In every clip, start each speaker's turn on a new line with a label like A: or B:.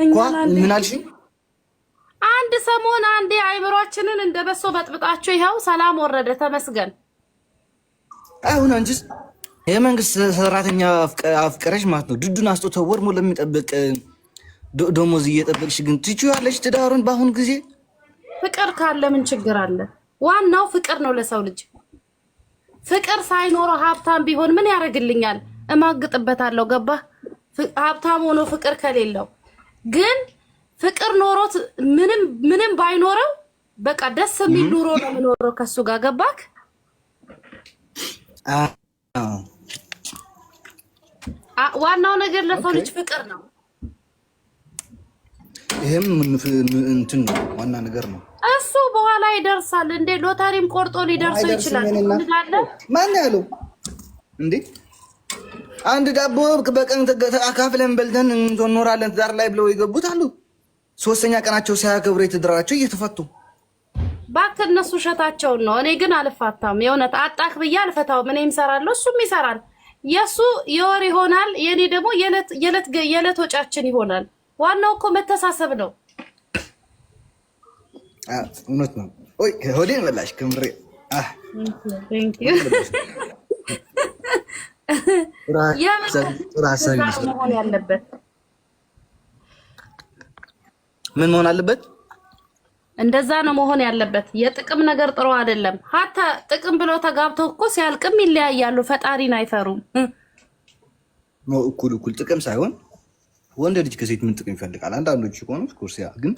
A: ምን አልሽ? አንድ ሰሞን አንዴ አይምሯችንን እንደ በሶ በጥብጣችሁ ይኸው ሰላም ወረደ። ተመስገን።
B: አሁን አንቺስ የመንግስት ሰራተኛ አፍቀረሽ ማለት ነው። ድዱን አስጦተው ወድሞ ለሚጠብቅ ደሞዝ እየጠበቅሽ ግን ትችያለሽ ትዳሩን። በአሁኑ ጊዜ
A: ፍቅር ካለ ምን ችግር አለ? ዋናው ፍቅር ነው ለሰው ልጅ። ፍቅር ሳይኖረው ሀብታም ቢሆን ምን ያደርግልኛል? እማግጥበታለሁ። ገባህ? ሀብታም ሆኖ ፍቅር ከሌለው ግን ፍቅር ኖሮት ምንም ምንም ባይኖረው በቃ ደስ የሚል ኑሮ ነው የሚኖረው ከሱ ጋር ገባክ? ዋናው ነገር ለሰው ልጅ ፍቅር ነው።
B: ይሄም እንትን ነው ዋና ነገር ነው።
A: እሱ በኋላ ይደርሳል እንዴ ሎተሪም ቆርጦ ሊደርሰው ይችላል።
B: ማን ያለው እንዴ አንድ ዳቦ በቀን ተካፍለን በልተን እንኖራለን ትዳር ላይ ብለው የገቡት አሉ። ሶስተኛ ቀናቸው ሲያከብሩ የትዳራቸው እየተፈቱ
A: ባክ እነሱ እሸታቸውን ነው። እኔ ግን አልፋታም። የእውነት አጣክ ብዬ አልፈታውም። እኔም እሰራለሁ፣ እሱም ይሰራል። የእሱ የወር ይሆናል፣ የእኔ ደግሞ የዕለት ወጫችን ይሆናል። ዋናው እኮ መተሳሰብ ነው።
B: እውነት ነው። ሆዴን በላሽ ክምሬ መሆን ያለበት ምን መሆን አለበት?
A: እንደዛ ነው መሆን ያለበት። የጥቅም ነገር ጥሩ አይደለም። ሀታ ጥቅም ብለው ተጋብተው እኮ ሲያልቅም ይለያያሉ። ፈጣሪን አይፈሩም።
B: እኩል እኩል ጥቅም ሳይሆን ወንድ ልጅ ከሴት ምን ጥቅም ይፈልጋል? አንዳንዶች ከሆኑ ኮርሲያ ግን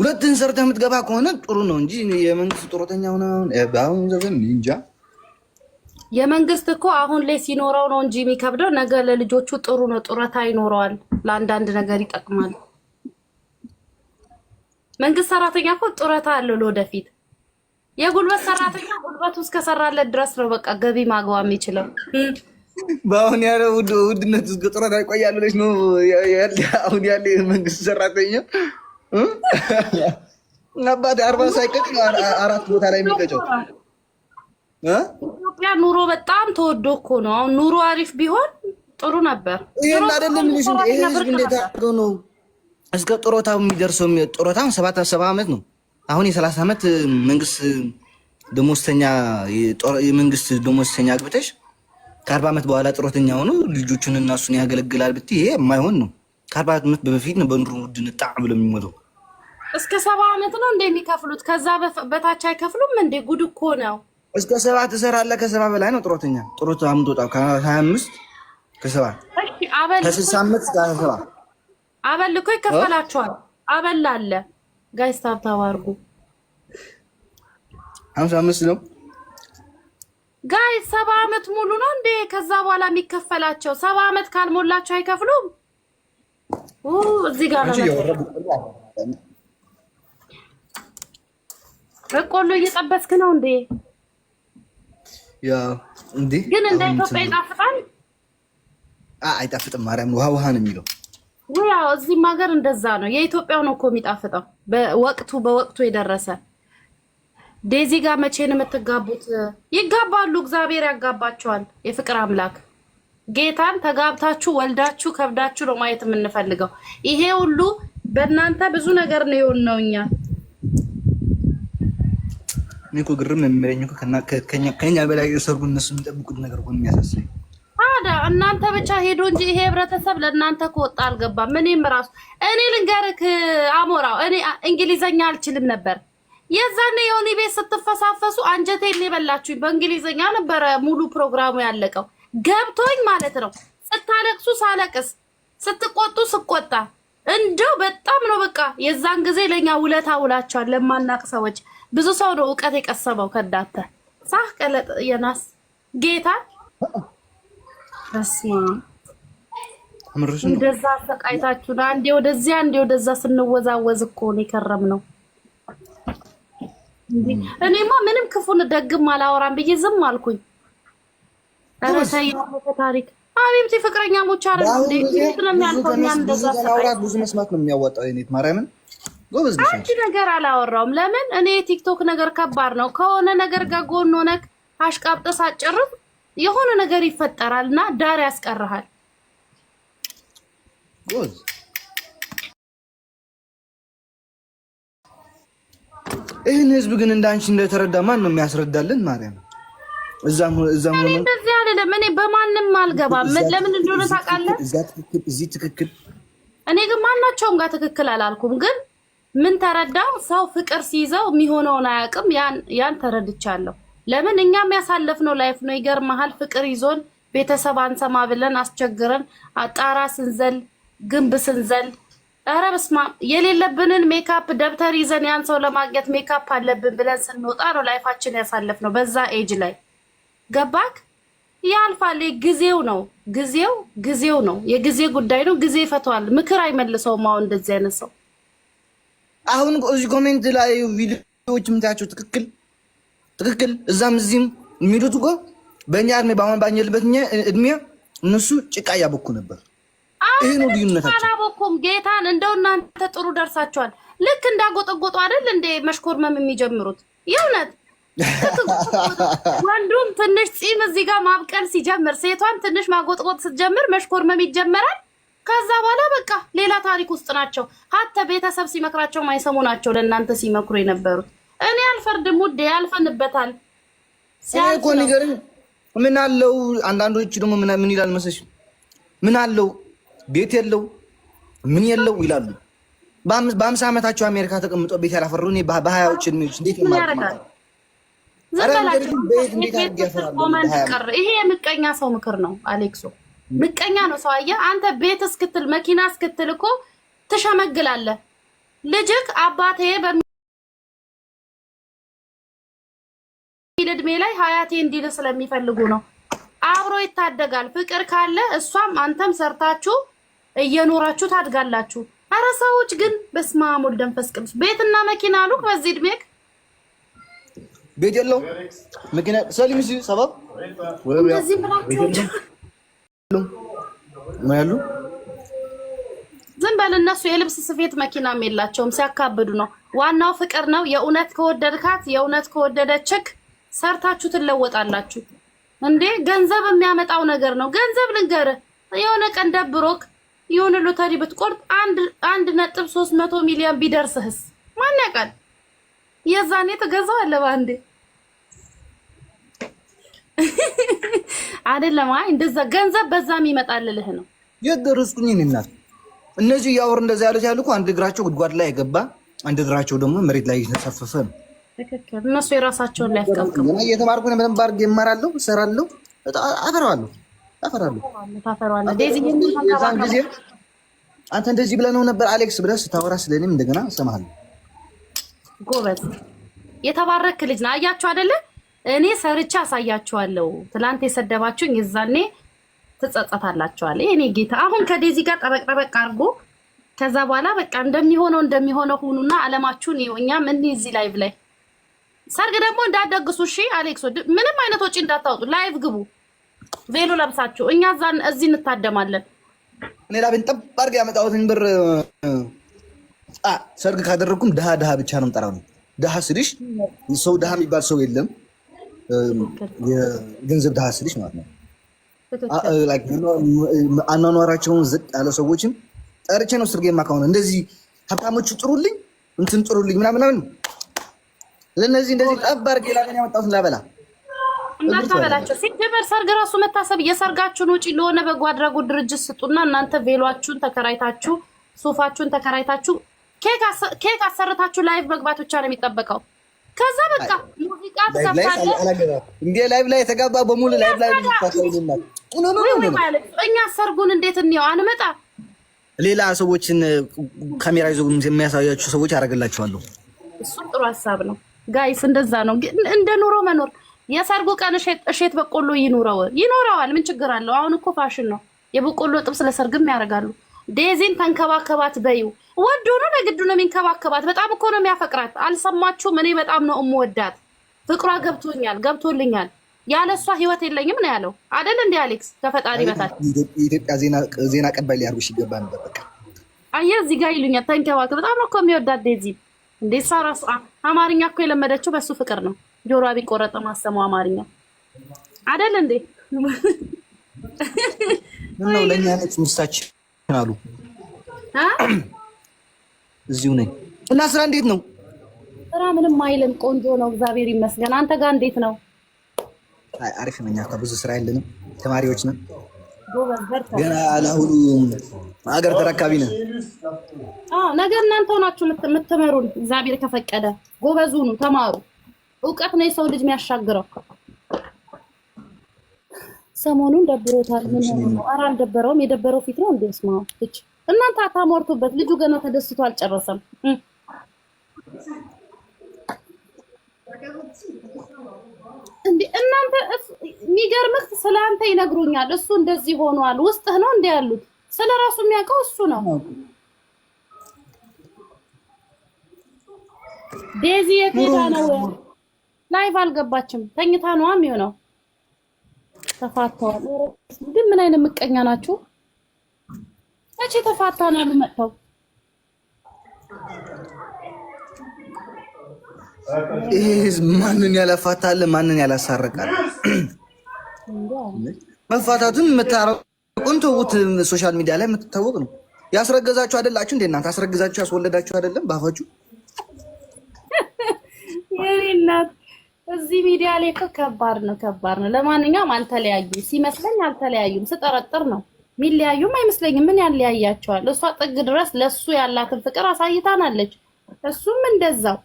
B: ሁለትን ሰርተህ የምትገባ ከሆነ ጥሩ ነው እንጂ የመንግስት ጡረተኛ ሆነ አሁን ዘበን እንጃ።
A: የመንግስት እኮ አሁን ላይ ሲኖረው ነው እንጂ የሚከብደው። ነገ ለልጆቹ ጥሩ ነው፣ ጡረታ ይኖረዋል። ለአንዳንድ ነገር ይጠቅማል። መንግስት ሰራተኛ እኮ ጡረታ አለው ለወደፊት። የጉልበት ሰራተኛ ጉልበቱ እስከሰራለት ድረስ ነው በቃ ገቢ ማግባም የሚችለው።
B: በአሁን ያለ ውድነት ጡረታ ይቆያለች ነው አሁን ያለ መንግስት ሰራተኛ አባቴ አርባ ሳይቀጭ ነው አራት ቦታ ላይ የሚቀጨው።
A: ኢትዮጵያ ኑሮ በጣም ተወዶ እኮ ነው። አሁን ኑሮ አሪፍ ቢሆን ጥሩ ነበር።
B: ይህን አይደለም ልጅ ይሄ ህዝብ እንዴት አድርገው ነው እስከ ጡረታው የሚደርሰው? ጡረታ ሰባት ሰባ ዓመት ነው። አሁን የሰላሳ ዓመት መንግስት ደሞዝተኛ የመንግስት ደሞዝተኛ አግብተሽ ከአርባ ዓመት በኋላ ጡረተኛ ሆኖ ልጆቹን እናሱን ያገለግላል ብትይ ይሄ የማይሆን ነው። ከአርባ ዓመት በፊት ነው በኑሮ ውድነት ጣዕ ብለው የሚሞተው።
A: እስከ ሰባ ዓመት ነው እንደ የሚከፍሉት። ከዛ በታች አይከፍሉም እንዴ? ጉድ እኮ ነው።
B: እስከ ሰባ ትሰራለህ። ከሰባ በላይ ነው ጡረተኛ። ጡረታ የምትወጣው ከሀያ አምስት ከሰባ ከስልሳ ዓመት እስከ ሰባ
A: አበል እኮ ይከፈላቸዋል። አበል አለ ጋይስ ታብታብ አድርጉ። ሀምሳ አምስት ነው ጋይ ሰባ ዓመት ሙሉ ነው እንዴ ከዛ በኋላ የሚከፈላቸው። ሰባ ዓመት ካልሞላቸው አይከፍሉም። እዚህ ጋር በቆሎ እየጠበስክ ነው እንዴ? ግን እንደ ኢትዮጵያ ይጣፍጣል?
B: አይጣፍጥም። ማርያም ውሃ ውሃ ነው የሚለው።
A: ያው እዚህም ሀገር እንደዛ ነው። የኢትዮጵያው ነው እኮ የሚጣፍጠው። በወቅቱ በወቅቱ የደረሰ ዴዚ ጋር መቼ ነው የምትጋቡት? ይጋባሉ። እግዚአብሔር ያጋባቸዋል። የፍቅር አምላክ ጌታን ተጋብታችሁ ወልዳችሁ ከብዳችሁ ነው ማየት የምንፈልገው። ይሄ ሁሉ በእናንተ ብዙ ነገር ነው የሆን ነው። እኛ
B: እኔ እኮ ግርም ነው የሚለኝ እኮ ከኛ በላይ የሰርጉ እነሱ የሚጠብቁት ነገር እኮ የሚያሳስበኝ
A: ታዲያ እናንተ ብቻ ሄዶ እንጂ ይሄ ህብረተሰብ ለእናንተ ከወጣ አልገባም። እኔም ራሱ እኔ ልንገርክ አሞራው እኔ እንግሊዘኛ አልችልም ነበር። የዛኔ የሆኒ ቤት ስትፈሳፈሱ አንጀቴን የበላችሁኝ በእንግሊዘኛ ነበረ ሙሉ ፕሮግራሙ ያለቀው። ገብቶኝ ማለት ነው። ስታለቅሱ ሳለቅስ፣ ስትቆጡ ስቆጣ፣ እንደው በጣም ነው በቃ። የዛን ጊዜ ለእኛ ውለታ ውላቸዋል ለማናቅ ሰዎች። ብዙ ሰው ነው እውቀት የቀሰመው ከዳተ ሳህ ቀለጥ የናስ ጌታ እንደዛ አሰቃይታችሁ ነው አንዴ ወደዚያ አንዴ ወደዛ ስንወዛወዝ እኮ ነው የከረም ነው። እኔማ ምንም ክፉን ደግም አላወራም ብዬ ዝም አልኩኝ። ታሪክ አቤት
B: ብዙ መስማት ነው የሚያወጣው። ኔት ማርያምን
A: አንድ ነገር አላወራውም። ለምን እኔ የቲክቶክ ነገር ከባድ ነው። ከሆነ ነገር ጋር ጎን ሆነህ አሽቃብጠህ የሆነ ነገር ይፈጠራል እና ዳር ያስቀርሃል።
B: ይህን ህዝብ ግን እንዳንቺ እንደተረዳ ማን ነው የሚያስረዳልን? እዛም
A: እዛም ሆነ አይደለም። እኔ በማንም አልገባም። ለምን እንደሆነ ታውቃለህ? እዚህ ትክክል። እኔ ግን ማናቸውም ጋር ትክክል አላልኩም። ግን ምን ተረዳው፣ ሰው ፍቅር ሲይዘው የሚሆነውን አያውቅም። ያን ያን ተረድቻለሁ። ለምን እኛም ያሳለፍነው ላይፍ ነው። ይገርምሃል፣ ፍቅር ይዞን ቤተሰብ አንሰማ ብለን አስቸግረን አጣራ ስንዘል፣ ግንብ ስንዘል፣ ኧረ በስመ አብ የሌለብንን ሜካፕ ደብተር ይዘን ያን ሰው ለማግኘት ሜካፕ አለብን ብለን ስንወጣ ነው ላይፋችን ያሳለፍነው በዛ ኤጅ ላይ ገባክ? ያልፋል። ጊዜው ነው ጊዜው ጊዜው ነው የጊዜ ጉዳይ ነው። ጊዜ ይፈተዋል። ምክር አይመልሰውም። አሁን እንደዚህ አይነት ሰው
B: አሁን እዚህ ኮሜንት ላይ ቪዲዮዎች የምታያቸው ትክክል ትክክል እዛም እዚህም የሚሉት እኮ በእኛ እድሜ በአሁን ባኘልበት እድሜ እነሱ ጭቃ እያበኩ ነበር።
A: ይሄ ነው ልዩነታቸው። አላቦኩም ጌታን እንደው እናንተ ጥሩ ደርሳችኋል። ልክ እንዳጎጠጎጡ አይደል እንደ መሽኮርመም የሚጀምሩት የእውነት ወንዱም ትንሽ ፂም እዚህ ጋር ማብቀል ሲጀምር፣ ሴቷን ትንሽ ማጎጥቆጥ ስትጀምር መሽኮርመም ይጀመራል። ከዛ በኋላ በቃ ሌላ ታሪክ ውስጥ ናቸው። ሀተ ቤተሰብ ሲመክራቸው ማይሰሙ ናቸው። ለእናንተ ሲመክሩ የነበሩት እኔ አልፈርድም ውዴ፣ ያልፈንበታል።
B: እኮ ንገረኝ፣ ምን አለው? አንዳንዶች ደግሞ ምን ይላል መሰለሽ፣ ምን አለው ቤት የለው ምን የለው ይላሉ። በአምሳ ዓመታቸው አሜሪካ ተቀምጦ ቤት ያላፈሩ በሀያዎች እድሜዎች እንዴት ያደርጋል?
A: ይሄ የምቀኛ ሰው ምክር ነው። አሌክሶ ምቀኛ ነው ሰው። አየህ አንተ ቤት እስክትል መኪና እስክትል እኮ ትሸመግላለህ። ልጅክ አባቴ በሚል እድሜ ላይ ሀያቴ እንዲል ስለሚፈልጉ ነው። አብሮ ይታደጋል። ፍቅር ካለ እሷም አንተም ሰርታችሁ እየኖራችሁ ታድጋላችሁ። አረ ሰዎች ግን በስመ አብ ወልድ መንፈስ ቅዱስ ቤትና መኪና አሉክ በዚህ እድሜክ
B: ቤት የለውም። ምክንያት ሰሊም ሲ ሰበብ ነው ያሉ
A: ዝም በል እነሱ የልብስ ስፌት መኪናም የላቸውም ሲያካብዱ ነው። ዋናው ፍቅር ነው። የእውነት ከወደድካት የእውነት ከወደደችክ ሰርታችሁ ትለወጣላችሁ። እንዴ ገንዘብ የሚያመጣው ነገር ነው። ገንዘብ ልንገርህ፣ የሆነ ቀን ደብሮክ የሆነ ሎተሪ ብትቆርጥ አንድ አንድ ነጥብ ሶስት መቶ ሚሊዮን ቢደርስህስ ማን ያውቃል? የዛኔ ትገዛዋለህ በአንዴ አይደለም። አይ እንደዛ ገንዘብ በዛም ይመጣልልህ ነው
B: የደረስኩኝን እናት እነዚህ ያወር እንደዛ ያለች ያሉ አንድ እግራቸው ጉድጓድ ላይ የገባ አንድ እግራቸው ደግሞ መሬት ላይ የተሰፈፈ ነው።
A: ትክክል። እነሱ የራሳቸውን ላይ ያስቀምጡ።
B: እየተማርኩ ነው። በደንብ አድርጌ እማራለሁ፣ እሰራለሁ፣ አፈራለሁ፣ አፈራለሁ፣ ታፈራዋለሁ። የዛን ጊዜ አንተ እንደዚህ ብለህ ነው ነበር አሌክስ ብለህ ስታወራ ስለኔም እንደገና እሰማሃለሁ።
A: ጎበዝ የተባረክ ልጅ ና። አያችሁ አይደለ እኔ ሰርቻ አሳያችኋለሁ። ትላንት የሰደባችሁኝ የዛኔ ትጸጸታላችኋል። እኔ ጌታ አሁን ከዴዚ ጋር ጠበቅ ጠበቅ አድርጎ ከዛ በኋላ በቃ እንደሚሆነው እንደሚሆነው ሁኑና አለማችሁን እኛ ምን እዚህ ላይቭ ላይ ሰርግ ደግሞ እንዳደግሱ እሺ። አሌክሶ ምንም አይነት ወጪ እንዳታወጡ፣ ላይቭ ግቡ፣ ቬሎ ለብሳችሁ እኛ እዛን እዚህ እንታደማለን።
B: እኔ ላቤን ጠብ አድርጌ ያመጣሁትን ብር ሰርግ ካደረግኩም ድሃ ድሃ ብቻ ነው የምጠራው። ድሃ ስልሽ ሰው ድሃ የሚባል ሰው የለም። የገንዘብ ድሃ ስልሽ ማለት ነው። አኗኗራቸውን ዝቅ ያለ ሰዎችም ጠርቼ ነው ስርጌማ ከሆነ እንደዚህ ሀብታሞች ጥሩልኝ እንትን ጥሩልኝ ምናምን ምናምን ለእነዚህ እንደዚህ ጠባር ጌላን ያመጣት ላበላ
A: እናታበላቸው ሲጀመር ሰርግ ራሱ መታሰብ የሰርጋችሁን ውጪ ለሆነ በጎ አድራጎት ድርጅት ስጡና እናንተ ቬሏችሁን ተከራይታችሁ ሱፋችሁን ተከራይታችሁ ኬክ አሰርታችሁ ላይቭ መግባት ብቻ ነው የሚጠበቀው። ከዛ በቃ ሙዚቃ
B: ላይቭ ላይ የተጋባ በሙሉ ላይቭ ላይ
A: እኛ ሰርጉን እንዴት እንየው? አንመጣ
B: ሌላ ሰዎችን ካሜራ ይዞ የሚያሳያቸው ሰዎች አደርግላቸዋለሁ።
A: እሱ ጥሩ ሀሳብ ነው ጋይስ። እንደዛ ነው እንደ ኑሮ መኖር። የሰርጉ ቀን እሸት በቆሎ ይኑረው ይኖረዋል። ምን ችግር አለው? አሁን እኮ ፋሽን ነው። የበቆሎ ጥብስ ለሰርግም ያደርጋሉ። ዴዚን ተንከባከባት በይው ወዶ ነው ለግዱ ነው የሚንከባከባት። በጣም እኮ ነው የሚያፈቅራት። አልሰማችሁም? እኔ በጣም ነው እምወዳት። ፍቅሯ ገብቶኛል፣ ገብቶልኛል። ያለ እሷ ህይወት የለኝም ነው ያለው አደል? እንደ አሌክስ ከፈጣሪ በታች
B: የኢትዮጵያ ዜና አቀባይ ሊያርጉሽ ይገባ ነበር። በቃ
A: አየ እዚህ ጋር ይሉኛል። ተንከባከብ። በጣም ነው እኮ የሚወዳት ዴዚ። እንዴ ሳራ አማርኛ እኮ የለመደችው በሱ ፍቅር ነው። ጆሮ ቢቆረጥ ማሰማው አማርኛ አደል እንዴ?
B: ምነው ለእኛ ነች ሚስታችን አሉ እዚሁ ነኝ እና ስራ እንዴት ነው?
A: ስራ ምንም አይልም፣ ቆንጆ ነው፣ እግዚአብሔር ይመስገን። አንተ ጋር እንዴት ነው?
B: አሪፍ ነኝ። ብዙ ስራ የለንም፣ ተማሪዎች ነን። ገና ለአሁኑ ሀገር ተረካቢ ነን።
A: ነገ እናንተ ሆናችሁ የምትመሩን እግዚአብሔር ከፈቀደ። ጎበዝ ሁኑ፣ ተማሩ። እውቀት ነው የሰው ልጅ የሚያሻግረው። ሰሞኑን ደብሮታል። ምን ነው? ኧረ አልደበረውም። የደበረው ፊት ነው እንዴ? ስማ እናንተ አታሞርቱበት ልጁ ገና ተደስቶ አልጨረሰም። እንዴ እናንተ የሚገርምህ ስለአንተ ይነግሩኛል። እሱ እንደዚህ ሆኗል ውስጥህ ነው እንደ ያሉት ስለ ራሱ የሚያውቀው እሱ ነው። ዴዚ የት ነው? ላይቭ አልገባችም። ተኝታ ነዋ የሚሆነው። ተፋተዋል። ግን ምን አይነት ምቀኛ ናችሁ? መቼ ተፋታን አሉ መጥተው
B: ይሄ ህዝብ ማንን ያላፋታል? ማንን ያላሳርቃል? መፋታቱን የምታረቁን ተውት። ሶሻል ሚዲያ ላይ የምትታወቅ ነው። ያስረገዛችሁ አይደላችሁ እንዴ እናንተ? አስረገዛችሁ ያስወለዳችሁ አይደለም? ባፋችሁ
A: የኔ እናት እዚህ ሚዲያ ላይ ከባድ ነው፣ ከባድ ነው። ለማንኛውም አልተለያዩም፣ ሲመስለኝ አልተለያዩም፣ ስጠረጥር ነው ሚለያዩም አይመስለኝም። ምን ያለያያቸዋል? እሷ ጥግ ድረስ ለሱ ያላትን ፍቅር አሳይታናለች። እሱም እንደዛው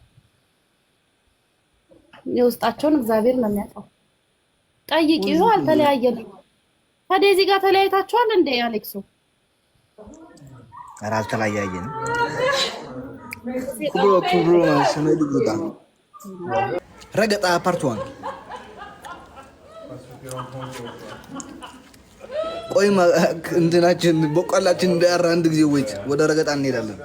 A: የውስጣቸውን እግዚአብሔር ነው የሚያውቀው። ጠይቅ ይዞ አልተለያየንም። ከዴዚ ጋር ተለያይታችኋል እንዴ አሌክሶ?
B: ኧረ አልተለያየንም። ኩብሮ ሰነድ ጉዳ ረገጣ ፓርት ዋን ቆይ እንትናችን በቆላችን እንዳያራ አንድ ጊዜ ወይት ወደ ረገጣ እንሄዳለን።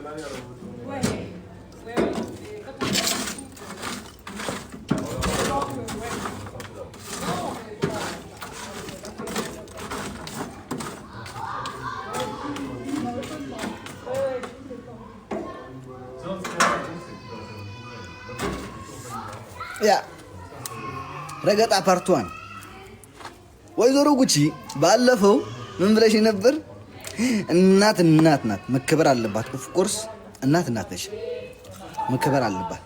B: ረገጣ ፓርት ፓርቷን ወይዘሮ ጉቺ ባለፈው ምን ብለሽ ነበር? እናት እናት ናት፣ መከበር አለባት። ኦፍ ኮርስ እናት እናት ነሽ፣ መከበር አለባት።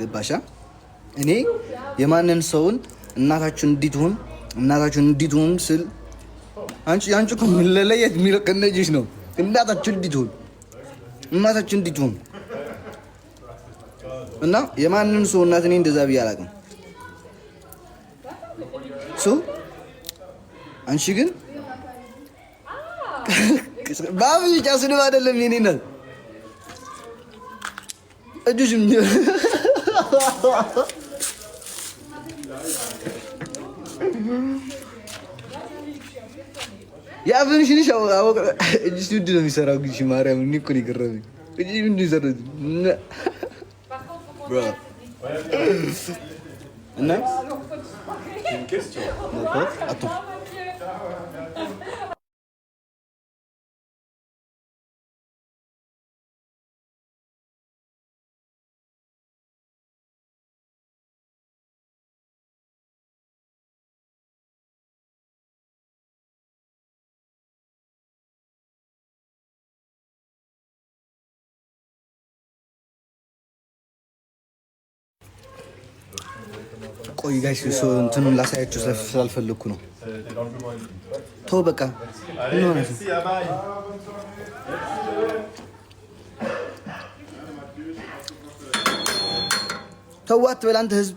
B: ግባሻ እኔ የማንን ሰውን እናታችሁን እንዲትሆን እናታችሁን እንዲትሆን ስል አንቺ አንቺ እኮ ምን ለለየት የሚል ከነጅሽ ነው። እናታችሁ እንዲትሆን እናታችሁ እንዲትሆን እና የማንን ሰው እናት እኔ እንደዛ ብዬ አላውቅም። So? አንቺ ግን ባብሽ ጫስ ነው አይደለም የኔ ነው እጁሽም የአፍንሽን አወቅ እጅሽ ምንድን ነው የሚሰራው? ግን ማርያም እኔ እኮ ነው የገረመኝ። እጅሽ ምንድን ነው የሚሰራው? እና questionne. D'accord. Ah, Attends. ቆይ ጋሽ እንትኑን ላሳያችሁ ስላልፈለግኩ ነው። ተው በቃ እንሆነ ተዋት በል አንተ ህዝብ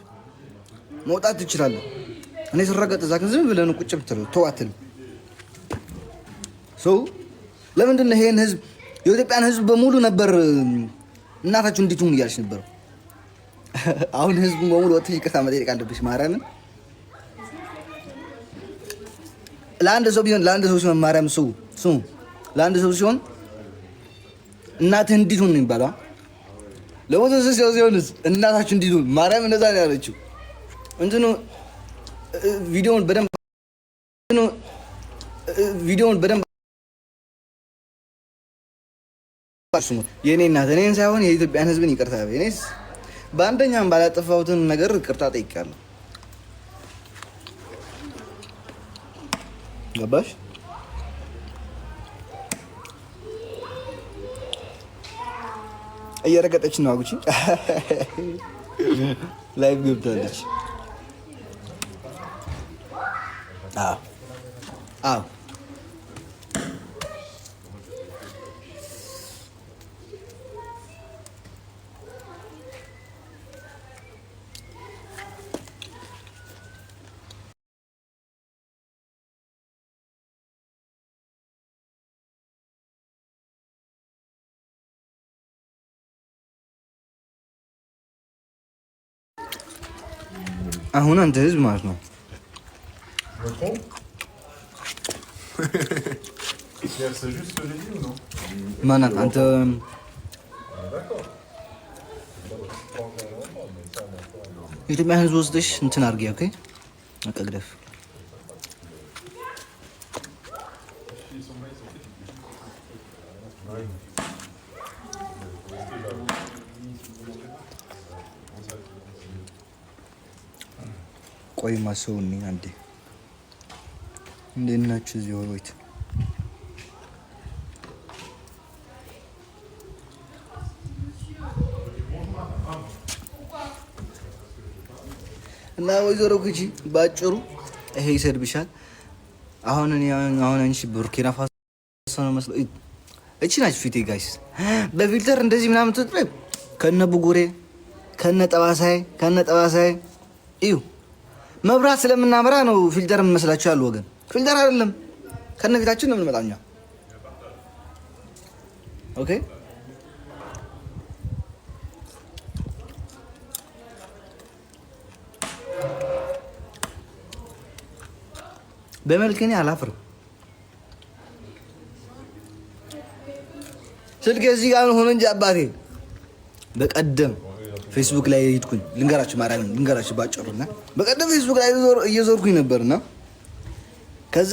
B: መውጣት ትችላለህ። እኔ ስረገጥ እዛ ግን ዝም ብለን ቁጭ ብትለው ተዋትን ሰው ለምንድን ነው ይሄን ህዝብ የኢትዮጵያን ህዝብ በሙሉ ነበር እናታችሁ እንዲትሁን እያለች ነበረው አሁን ህዝቡ በሙሉ ወጥተሽ ይቅርታ መጠየቅ አለብሽ። ማርያምን ለአንድ ሰው ቢሆን ለአንድ ሰው ሲሆን ማርያም ሰው ስሙ ለአንድ ሰው ሲሆን እናትህ እንዲቱን ነው የሚባለው። ለሞት ሰው ሲሆን ሲሆንስ እናታችሁ እንዲቱን ሁን ማርያም እንደዛ ነው ያለችው። እንትኑ ቪዲዮውን በደንብ እንትኑ ቪዲዮውን በደንብ የእኔ እናት እኔን ሳይሆን የኢትዮጵያን ህዝብን ይቅርታ እኔስ በአንደኛም ባላጠፋሁትን ነገር ቅርታ ጠይቃለሁ። ገባሽ? እየረገጠች ነው። አጉቺ ላይቭ ገብታለች። አዎ አዎ አሁን አንተ ህዝብ ማለት ነው ማናት አንተ ኢትዮጵያ ህዝብ ወስደሽ እንትን አድርጊ። ኦኬ አቀግደፍ ቆይ ማሰው እኔ አንዴ እንዴት ናችሁ? እዚህ ወሮት እና ወይዘሮ ግጂ ባጭሩ ይሄ ይሰድብሻል። አሁን እኔ አሁን አንቺ ቡርኪና ፋሶ ነው መስሎ እቺ ናች ፊቴ ጋይስ በፊልተር እንደዚህ ምናምን ትጥረብ ከነ ቡጉሬ ከነ ጠባሳይ ከነ ጠባሳይ እዩ መብራት ስለምናመራ ነው ፊልተር የምመስላችሁ ያሉ ወገን፣ ፊልተር አይደለም ከነፊታችን ነው የምንመጣው እኛ። ኦኬ አላፍርም። ስልክ እዚህ ጋር ሆነ እንጂ አባቴ በቀደም ፌስቡክ ላይ ሄድኩኝ። ልንገራችሁ ማርያም ልንገራችሁ ባጭሩና በቀደም ፌስቡክ ላይ እየዞርኩኝ እና ከዛ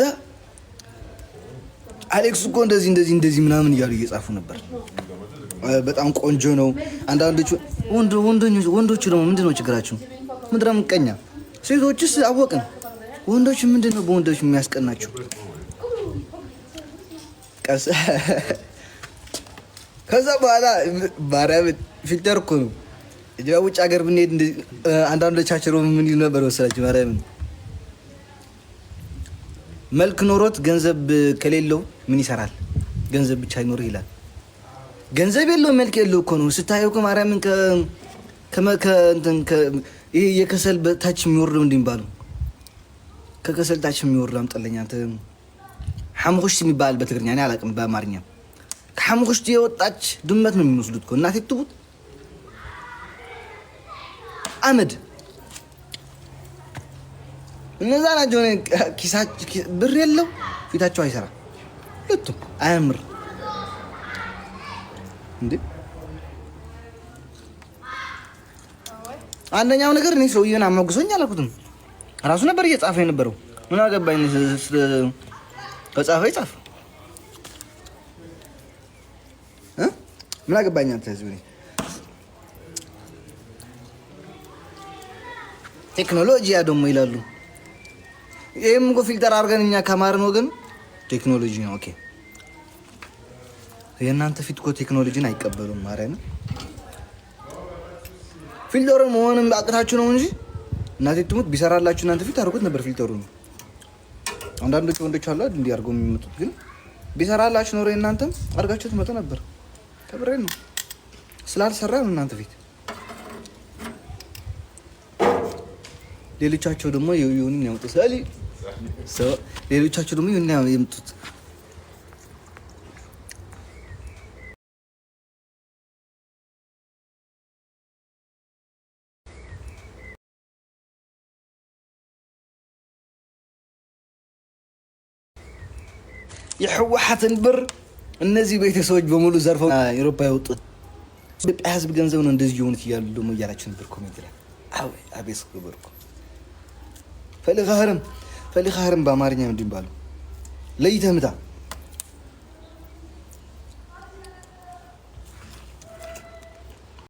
B: አሌክስ እኮ እንደዚህ እንደዚህ እንደዚህ ምናምን እያሉ እየጻፉ ነበር። በጣም ቆንጆ ነው። አንዳንዶቹ ወንዶቹ ደግሞ ምንድን ነው ችግራችሁ? ምድረ ምቀኛ ሴቶችስ አወቅን። ወንዶች ምንድን ነው በወንዶች የሚያስቀናችሁ? ከዛ በኋላ ባሪያ ፊልተር እኮ ነው ውጭ ሀገር ብንሄድ አንዳንዶቻችን ምን ይሉ ነበር መሰላችሁ? ማርያምን መልክ ኖሮት ገንዘብ ከሌለው ምን ይሰራል? ገንዘብ ብቻ ይኖር ይላል። ገንዘብ የለው መልክ የለው እኮ ነው ስታየው እኮ ማርያምን ይሄ የከሰል በታች የሚወርድ ምንድን ይባሉ ከከሰል ታች የሚወርድ አምጠለኛ ሐምኩሽት የሚባል በትግርኛ እኔ አላውቅም፣ በአማርኛ ከሓሙክሽቲ የወጣች ድመት ነው የሚመስሉት እኮ እናቴ ትቡት አመድ እነዛ ናቸው። ብር የለው ፊታቸው አይሰራ፣ ሁለቱም አያምር እንዴ። አንደኛው ነገር እኔ ሰውየን አሞግሶኝ አላልኩትም። ራሱ ነበር እየጻፈ የነበረው። ምን አገባኝ ከጻፈ ይጻፍ፣ ምን አገባኝ አንተ ያ ደግሞ ይላሉ። ይህም እኮ ፊልተር አድርገን እኛ ነው ግን ቴክኖሎጂ ነው። ኦኬ የእናንተ ፊት እኮ ቴክኖሎጂን አይቀበሉም። ማርያም ፊልተሩ መሆንም አቅታችሁ ነው እንጂ እናቴ ትሙት ቢሰራላችሁ እናንተ ፊት አድርጎት ነበር ፊልተሩ ነው። አንዳንዶች ወንዶች አሉ እንዲህ አድርገው የሚመጡት ግን ቢሰራላችሁ ኖሮ እናንተም አድርጋችሁት ትመጡ ነበር። ከብሬ ነው ስላልሰራ ነው እናንተ ፊት ሌሎቻቸው ደግሞ ይሁን ያመጡት ሌሎቻቸው ደግሞ ይሁን ያመጡት የህወሓትን ብር እነዚህ ቤተሰቦች በሙሉ ዘርፈው አውሮፓ ያወጡት ኢትዮጵያ ህዝብ ገንዘብ ነው እንደዚህ የሆኑት እያሉ ደግሞ እያላችሁ ነበር ኮሜንት ላይ አቤት ክብር እኮ ፈሊኻህርም ፈሊኻህርም በአማርኛ ምንድን ይባሉ ለይተህ ምታ